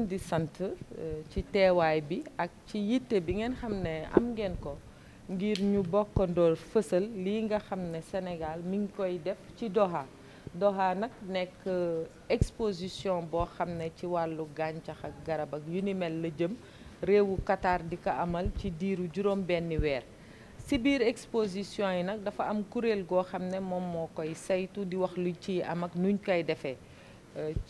di sant euh, ci teewaay bi ak ci yitte bi ngeen xam ne am ngeen ko ngir ñu bokkandoor fësal li nga xam ne Sénégal mi ngi koy def ci doxa Doha nag nekk euh, exposition boo xam ne ci wàllu gàncax ak garab ak yu ni mel la jëm réewu Qatar di ko amal ci diiru juróom benni weer si biir exposition yi nag dafa am kuréel goo xam ne moom moo koy saytu di wax lu ciy am ak nuñ koy defee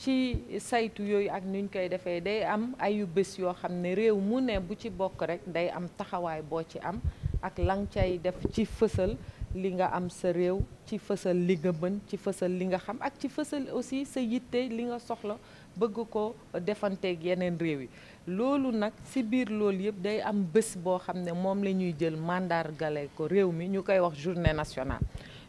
ci saytu yooyu ak nuñ koy defee day am ay bés yoo xam ne réew mu ne bu ci bokk rek day am taxawaay boo ci am ak lang cay def ci fësal li nga am sa réew ci fësal li nga ci fësal li nga xam ak ci fësal aussi sa yitte li nga soxla bëgg ko defanteeg yeneen réew yi loolu nag si biir loolu yëpp day am bés boo xam ne moom la ñuy jël màndargale ko réew mi ñu koy wax journée nationale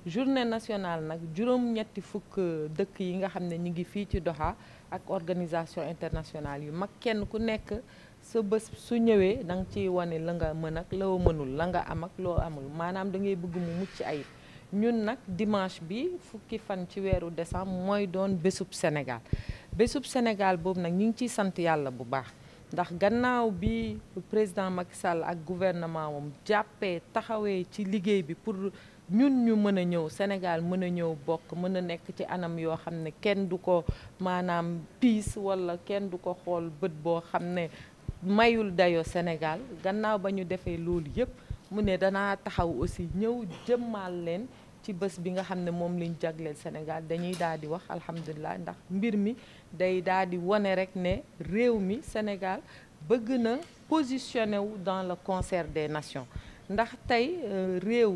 journée nationale nag juróom-ñetti fukk dëkk yi nga xam ne ñu ngi fii ci Doha ak organisation internationale yu mag kenn ku nekk sa bés su ñëwee da nga ciy wane la nga mën ak loo mënul la nga am ak loo amul maanaam da ngay bëgg mu mucc ayib ñun nag dimanche bi fukki fan ci weeru décembre mooy doon bésub Sénégal bésub Sénégal boobu nag ñu ngi ciy sant yàlla bu baax ndax gannaaw bi président Macky Sall ak gouvernement moom jàppee taxawee ci liggéey bi pour ñun ñu mën a ñëw Sénégal mën a ñëw bokk mën a nekk ci anam yoo xam ne kenn du ko maanaam piis walla kenn du ko xool bët boo xam ne mayul dayo Sénégal gannaaw ba ñu defee loolu yëpp mu ne danaa taxaw aussi ñëw jëmmaal leen ci bés bi nga xam ne moom lañ jagleel Sénégal dañuy daal di wax alhamdulilah ndax mbir mi day daal di wane rek ne réew mi Sénégal bëgg na positionné wu dans le concert de nations ndax tey euh, réew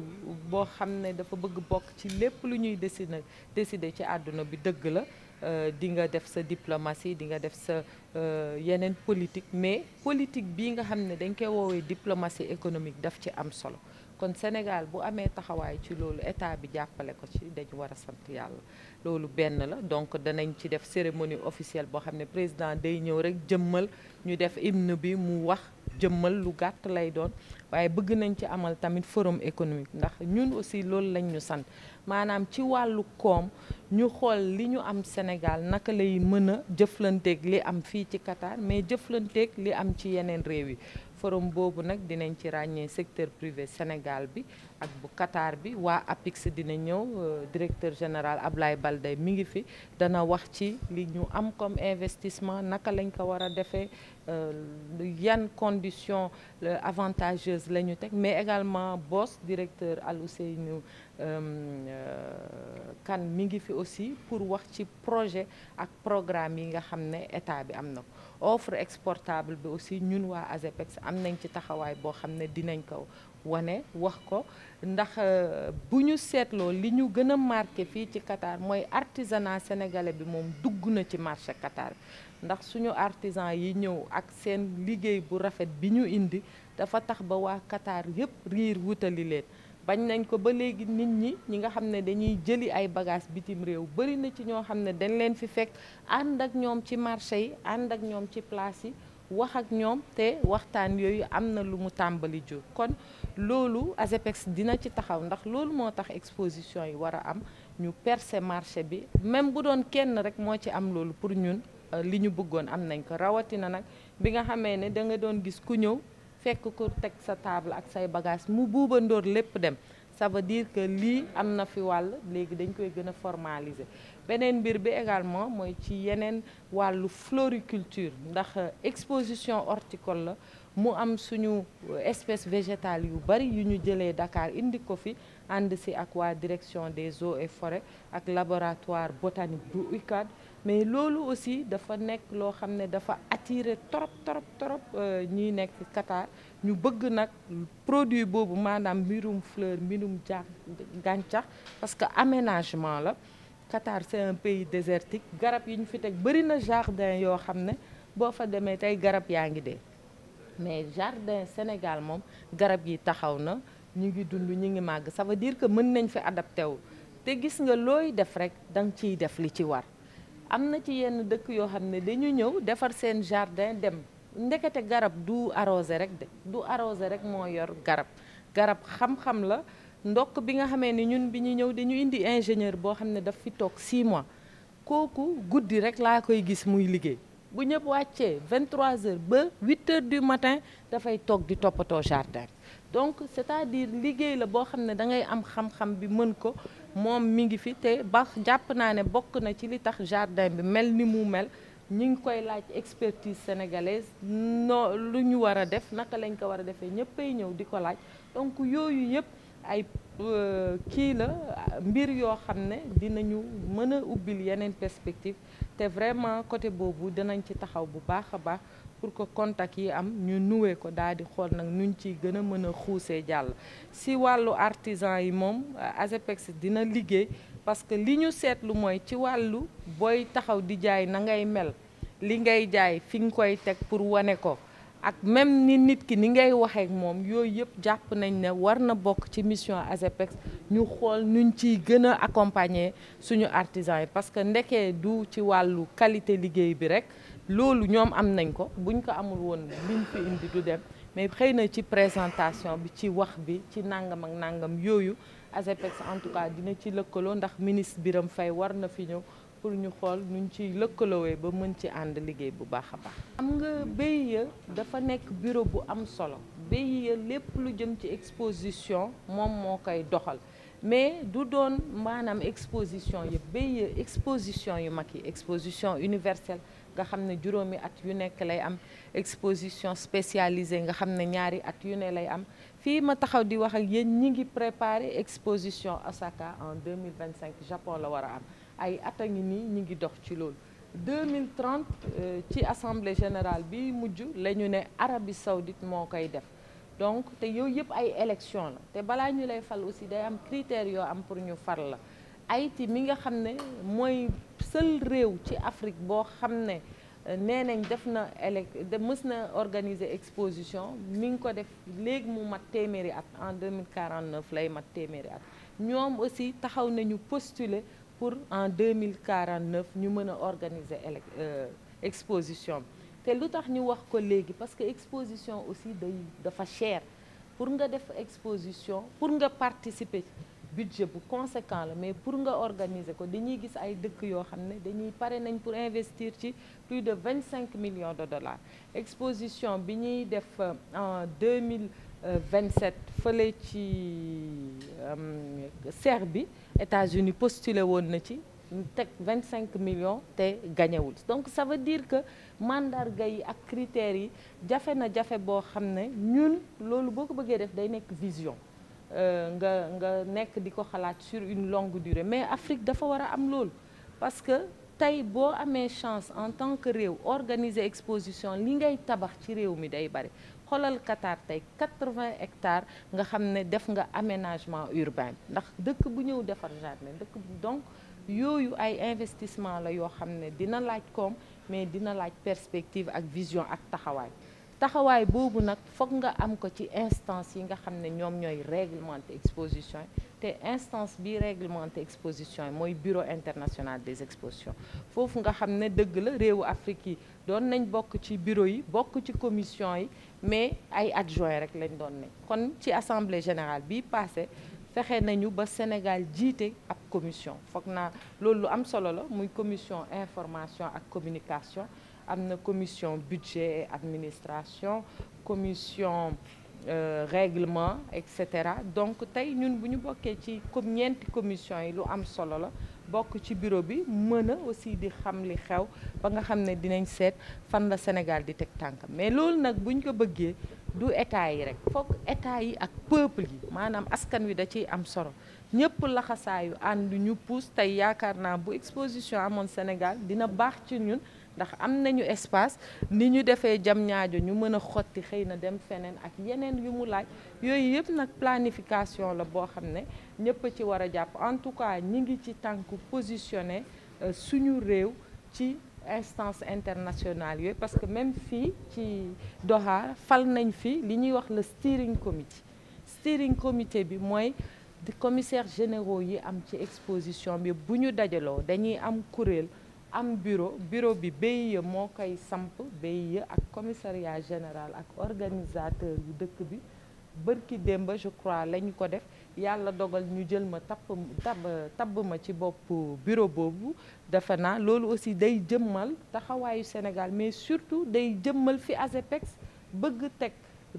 boo xam ne dafa bëgg bokk ci lépp lu ñuy décider décider ci àdduna bi dëgg la euh, di nga def sa diplomatie di nga def sa euh, yeneen politique mais politique bii nga xam ne dañ koy woowee diplomatie économique daf ci am solo kon Sénégal bu amee taxawaay ci loolu état bi jàppale ko ci dañu war a sant yàlla loolu benn la donc danañ ci def cérémonie officielle boo xam ne président day ñëw rek jëmmal ñu def hymne bi mu wax jëmmal lu gàtt lay doon waaye bëgg nañ ci amal tamit forum économique ndax ñun aussi loolu lañ ñu sant maanaam ci wàllu koom ñu xool li ñu am Sénégal naka lay mën a jëflanteeg li am fii ci Qatar mais jëflanteeg li am ci yeneen réew yi forum boobu nag dinañ ci ràññee secteur privé Sénégal bi ak bu Qatar bi waa APIX dina ñëw euh, directeur général Ablaye Balde mi ngi fi dana wax ci li ñu am comme investissement naka lañ ko war a defee euh, yan conditions euh, avantageuses la ñu teg mais également boss directeur Alou Seynou Euh, euh, kan mi ngi fi aussi pour wax ci projet ak programme yi nga xam ne état bi am na ko offre exportable bi aussi ñun waa ASEPEX am nañ ci taxawaay boo xam ne dinañ ko wane wax ko ndax euh, bu ñu seetloo li ñu gën a marqué fii ci Qatar mooy artisanat sénégalais bi moom dugg na ci marché Qatar ndax suñu artisan yi ñëw ak seen liggéey bu rafet bi ñu indi dafa tax ba waa Qatar yépp riir wutali leen bañ nañ ko ba léegi nit ñi ñi nga xam ne dañuy jëli ay bagages bitim réew bëri na ci ñoo xam ne dañ leen fi fekk ànd ak ñoom ci marché yi ànd ak ñoom ci place yi wax ak ñoom te waxtaan yooyu am na lu mu tàmbali jur kon loolu ASEPEX dina ci taxaw ndax loolu moo tax exposition yi war a am ñu perse marché bi même bu doon kenn rek moo ci am loolu pour ñun euh, li ñu bëggoon am nañ ko rawatina nag bi nga xamee ne da nga doon gis ku ñëw fekk ko teg sa table ak say bagage mu buuba ndóor lépp dem ça veut dire que lii am na fi wàll léegi dañ koy gën a formaliser beneen mbir bi également mooy ci yeneen wàllu floriculture ndax euh, exposition horticole la mu am suñu euh, espèce végétale yu bari yu ñu jëlee Dakar indi ko fi ànd si ak waa direction des eaux et forêts ak laboratoire botanique bu UCAD mais loolu aussi dafa nekk loo xam ne dafa attirer trop trop trop euh, ñuy nekk Qatar ñu bëgg nag produit boobu maanaam mbirum fleur mbirum ja gàncax parce que aménagement la Qatar c'est un pays désertique garab yi ñu fi teg bëri na jardin yoo xam ne boo fa demee tey garab yaa ngi dee mais jardin Sénégal moom garab yi taxaw na ñu ngi dund ñu ngi màgg ça veut que mën nañ fi adapté wu te gis nga looy def rek da nga ciy def li ci war am na ci yenn dëkk yoo xam ne dañu ñëw defar seen jardin dem ndekete garab du arrosé rek de du arrosé rek moo yor garab garab xam-xam la ndokk bi nga xamee ni ñun bi ñu ñëw dañu indi ingénieur boo xam ne daf fi toog 6 mois kooku guddi rek laa koy gis muy liggéey bu ñëpp wàccee 23h ba 8h du matin dafay toog di toppatoo jardin donc c'est-à-dire liggéey la boo xam ne dangay am xam-xam bi mën ko moom mi ngi fi te ba jàpp naa ne bokk na ci li tax jardin bi mel ni mu mel ñu ngi koy laaj expertise sénégalaise no lu ñu war a def naka lañ ko war a defee ñëppay ñëw di ko laaj donc yooyu yëpp. ay euh, kii la mbir yoo xam ne dinañu mën a ubbil yeneen perspective te vraiment côté boobu dinañ ci taxaw bu baax a baax pour que contact yi am ñu nuwe ko daal di xool nag nuñ ciy gën a mën a xuusee jàll si wàllu artisan yi moom ASEPEX dina liggéey parce que li ñu seetlu mooy ci wàllu booy taxaw di jaay na ngay mel li ngay jaay fi nga koy teg pour wane ko ak même ni nit ki ni ngay waxee moom yooyu yëpp jàpp nañ ne war na bokk ci mission ASEPEX ñu xool nuñ ciy gën a accompagner suñu artisans yi parce que ndeke du ci wàllu qualité liggéey bi rek loolu ñoom am nañ ko buñ ko amul woon liñ fi indi du dem mais xëy na ci présentation bi ci wax bi ci nangam ak nangam yooyu ASEPEX en tout cas dina ci lëkkaloo ndax ministre biram Faye war na fi ñëw pour ñu xool nuñ ci lëkkaloowee ba mën ci ànd liggéey bu baax a baax. am nga BIE dafa nekk bureau bu am solo BIE lépp lu jëm ci exposition moom moo koy doxal mais du doon maanaam exposition yëpp BIE exposition yu mag yi exposition universelle nga xam ne juróomi at yu nekk lay am exposition spécialisée nga xam ne ñaari at yu ne lay am fii ma taxaw di wax ak yéen ñi ngi préparer exposition Osaka en 2025 Japon la war a am ay at a ngi nii ñu ngi dox ci loolu 2030 euh, ci assemblée général bi mujj la ñu ne Arabie saoudite moo koy def donc te yooyu yëpp ay élection la te balaa ñu lay fal aussi day am critères yoo am pour ñu far la Haïti mi nga xam ne mooy seul réew ci Afrique boo xam ne euh, nee nañ def na élec mës na organiser exposition mi ngi ko def léegi mu mat téeméeri at en 2049 lay mat téeméeri at ñoom aussi taxaw nañu postuler pour en 2049 ñu mën a organiser euh, exposition bi te lu tax ñu wax ko léegi parce que exposition aussi day dafa cher pour nga def exposition pour nga participer budget bu conséquent la mais pour nga organiser ko dañuy gis ay dëkk yoo xam ne dañuy pare nañ pour investir ci plus de vingt cinq million de dollars exposition bi ñuy def euh, en deux mille vingt 27 fële ci euh, bi États-Unis postulé woon na ci teg vingt cinq million te gañewul donc ça veut que mandarga yi ak critères yi jafe na jafe boo xam ne ñun loolu boo ko bëggee def day nekk vision euh, nga nga nekk di ko xalaat sur une longue durée mais Afrique dafa war a am loolu parce que tey boo amee chance en tant que réew organiser exposition li ngay tabax ci réew mi day bari xoolal Qatar tey 80 hectares nga xam ne def nga aménagement urbain ndax dëkk bu ñëw defar jardin dëkk bu donc yooyu ay investissement la yoo xam ne dina laaj koom mais dina laaj perspective ak vision ak taxawaay taxawaay boobu nag foog nga am ko ci instance yi nga xam ne ñoom ñooy réglementé exposition te instance bi réglementé exposition yi mooy bureau international des expositions foofu nga xam ne dëgg la réewu Afrique yi doon nañ bokk ci bureau yi bokk ci commission yi mais ay adjoint rek lañ doon ne kon ci assemblée générale bi passé fexe nañu ba Sénégal jiite ak commission foog naa loolu lu am solo la muy commission information ak communication am na commission budget et administration commission Euh, règlement et cetera donc tey ñun bu ñu bokkee ci comme ñeenti commission yi lu am solo la bokk ci bureau bi mën a aussi di xam li xew ba nga xam ne dinañ seet fan la Sénégal di teg tànkam mais loolu nag bu ñu ko bëggee du état yi rek foog état yi ak peuple yi maanaam askan wi da ciy am solo ñëpp laxasaayu ànd ñu pousse tey yaakaar naa bu exposition amoon Sénégal dina baax ci ñun ndax am nañu espace ni ñu defee jam ñaajo ñu mën a xotti xëy na dem feneen ak yeneen yu mu laaj yooyu yëpp nag planification la boo xam ne ñëpp a ci war a jàpp en tout cas ñi ngi ci tànk positionné euh, suñu réew ci instance internationale yooyu parce que même fii ci Doha fal nañ fii li ñuy wax le steering committee steering committee bi mooy commissaire généraux yi am ci exposition bi bu ñu dajaloo dañuy am kuréel am bureau bureau bi BIE moo koy samp BIE ak commissariat général ak organisateur yu dëkk bi bërki démba je crois lañu ko def yàlla dogal ñu jël ma tapp tab ma ci bopp bureau boobu defe naa loolu aussi day jëmmal taxawaayu Sénégal mais surtout day jëmmal fi ASEPEX bëgg teg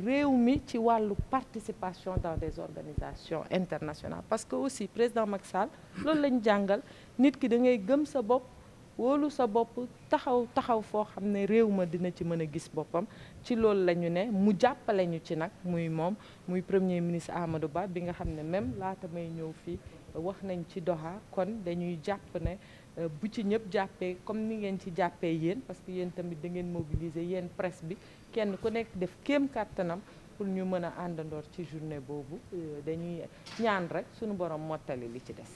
réew mi ci wàllu participation dans des organisations internationales parce que aussi président Macky Sall loolu lañu jàngal nit ki da ngay gëm sa bopp woolu sa bopp taxaw taxaw foo xam ne réew ma dina ci mën a gis boppam ci loolu la ñu ne mu jàppale ñu ci nag muy moom muy premier ministre Amadou Ba bi nga xam ne même laata may ñëw fii wax nañ ci Doha kon dañuy jàpp ne euh, bu ci ñëpp jàppee comme ni ngeen ci jàppee yéen parce que yéen tamit da ngeen mobiliser yéen presse bi kenn ku nekk def kéem kàttanam pour ñu mën a àndandoor ci journée boobu euh, dañuy ñaan rek sunu borom mottali li ci des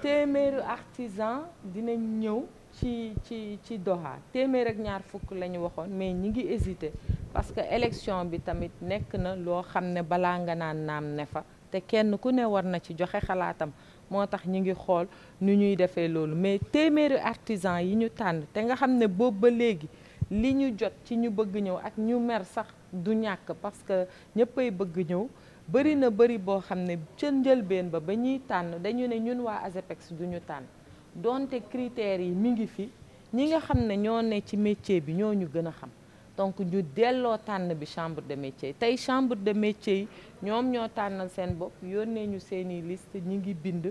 téeméeru artisan dinañ ñëw ci ci ci Doha téeméer ak ñaar fukk la ñu waxoon mais ñi ngi hésité parce que élection bi tamit nekk na loo xam ne balaa nga naan naam ne fa te kenn ku ne war na ci joxe xalaatam moo tax ñu ngi xool nu ñuy defee loolu mais téeméeri artisan yi ñu tànn te nga xam ne boobu ba léegi li ñu jot ci ñu bëgg ñëw ak ñu mer sax du ñàkk parce que ñëppay bëgg ñëw bëri na bëri boo xam ne ca njëlbeen ba ba ñuy tànn dañu ne ñun waa ASEPEX du ñu tànn donte critères yi mu ngi fi ñi nga xam ne ñoo ne ci métier bi ñoo ñu gën a xam donc ñu delloo tànn bi chambre de métier tey chambre de métier yi ñoom ñoo tànnal seen bopp yónnee ñu seeni liste ñi ngi bind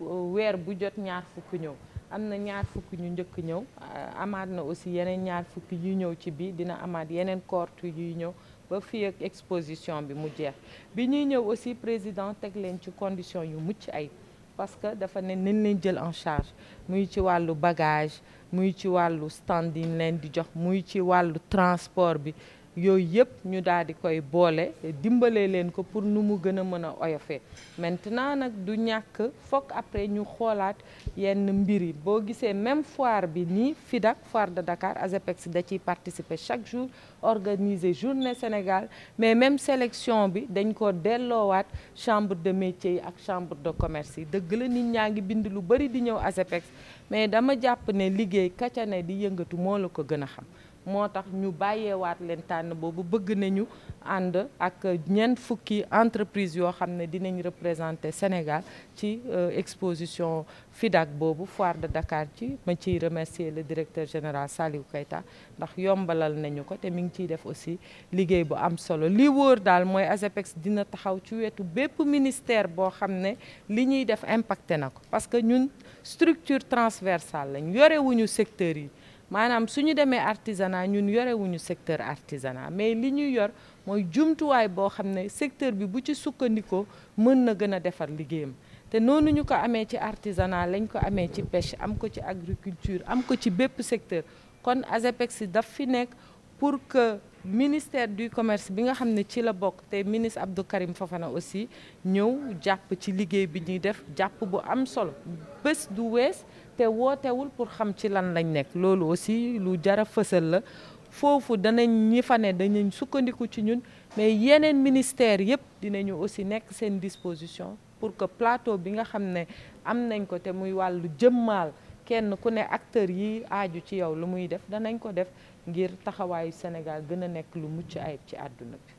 euh, weer bu jot ñaar fukk ñëw am na ñaar fukk ñu njëkk ñëw euh, amaat na aussi yeneen ñaar fukk yu ñëw ci biir dina amaat yeneen cohorte yuy ñëw ba fii exposition bi mu jeex bi ñuy ñëw aussi président teg leen ci condition yu mucc ay parce que dafa ne nañ leen jël en charge muy ci wàllu bagage muy ci wàllu stand yi leen di jox muy ci wàllu transport bi yooyu yëpp ñu daal di koy boole dimbale leen ko pour nu mu gën a mën a oyofee maintenant nag du ñàkk fokk après ñu xoolaat yenn mbir yi boo gisee même foire bi nii FIDAK foire de Dakar ASEPEX da ciy participer chaque jour organiser journée Sénégal mais même sélection bi dañ ko delloowaat chambre de métier yi ak chambre de commerce yi dëgg la nit ñaa ngi bind lu bëri di ñëw ASEPEX mais dama jàpp ne liggéey kaca ne di yëngatu moo la ko gën a xam moo tax ñu bàyyeewaat leen tànn boobu bëgg nañu ànd ak ñeent fukki entreprise yoo xam ne dinañ représenter Sénégal ci euh, exposition FIDAK boobu foire de Dakar ci ma ciy remercier le directeur général Saliou Keita ndax yombalal nañu ko te mi ngi ciy def aussi liggéey bu am solo li wóor daal mooy ASEPEX dina taxaw ci wetu bépp ministère boo xam ne li ñuy def impacté na ko parce que ñun structure transversale lañ yorewuñu secteurs yi maanaam su ñu demee artisanat ñun yorewuñu secteur artisanat mais li ñuy yor mooy jumtuwaay boo xam ne secteur bi bu ci sukkandiku mën na gën a defar liggéeyam te noonu ñu ko amee ci artisanat lañ ko amee ci pêche am ko ci agriculture am ko ci bépp secteur kon ASEPEX daf fi nekk pour que ministère du commerce bi nga xam ne ci la bokk te ministre Abdou Karim Fofana aussi ñëw jàpp ci liggéey bi ñuy def jàpp bu am solo bés du wees te wootewul pour xam ci lan lañ nekk loolu aussi lu jara fësal la foofu danañ ñi fa ne danañ sukkandiku ci ñun mais yeneen ministère yëpp dinañu aussi nekk seen disposition pour que plateau bi nga xam ne am nañ ko te muy wàllu jëmmaal kenn ku ne acteur yi aaju ci yow lu muy def danañ ko def ngir taxawaayu Sénégal gën a nekk lu mucc ay ci àdduna bi